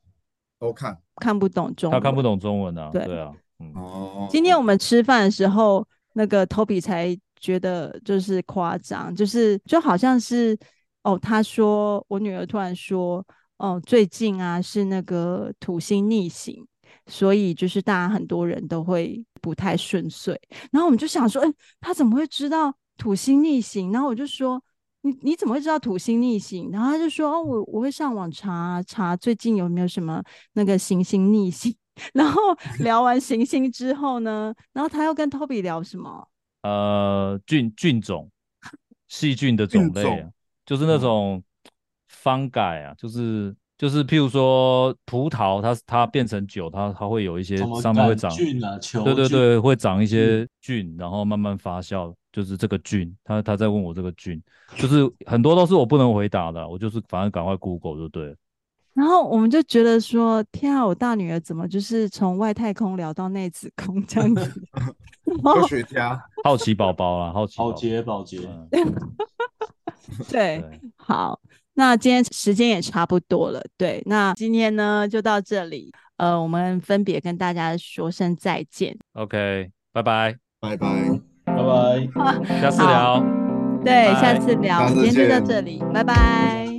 都看看不懂中，他看不懂中文啊。對啊，嗯，哦，今天我們吃飯的時候，那個 Toby 才。覺得就是誇張，就是就好像是哦，他說我女兒突然說哦，最近啊是那個土星逆行，所以就是大家很多人都會不太順遂。然後我們就想說，哎、欸，他怎麼會知道土星逆行？然後我就說你你怎麼會知道土星逆行？然後他就說哦，我我會上網查查最近有沒有什麼那個行星逆行。然後聊完行星之後呢， 然後他又跟 Toby 聊什麼？呃，菌菌種，細菌的種類、啊種，就是那種發酵啊，就、嗯、是就是，就是、譬如說葡萄它，它它變成酒，它它會有一些上面會長菌啊，對對對，會長一些菌，然後慢慢發酵，就是這個菌，他、嗯、他在問我這個菌，就是很多都是我不能回答的，我就是反正趕快 Google 就對了。然後我們就覺得說，天啊，我大女兒怎麼就是從外太空聊到內子宮這樣子？科 學家 好奇寶寶啊，好奇寶寶，好奇寶寶。對，好，那今天時間也差不多了，對，那今天呢就到這裡，呃，我們分別跟大家說聲再見。OK，拜拜，拜拜，拜拜， 下次聊。對，bye bye 下次聊下次。今天就到這裡，拜拜。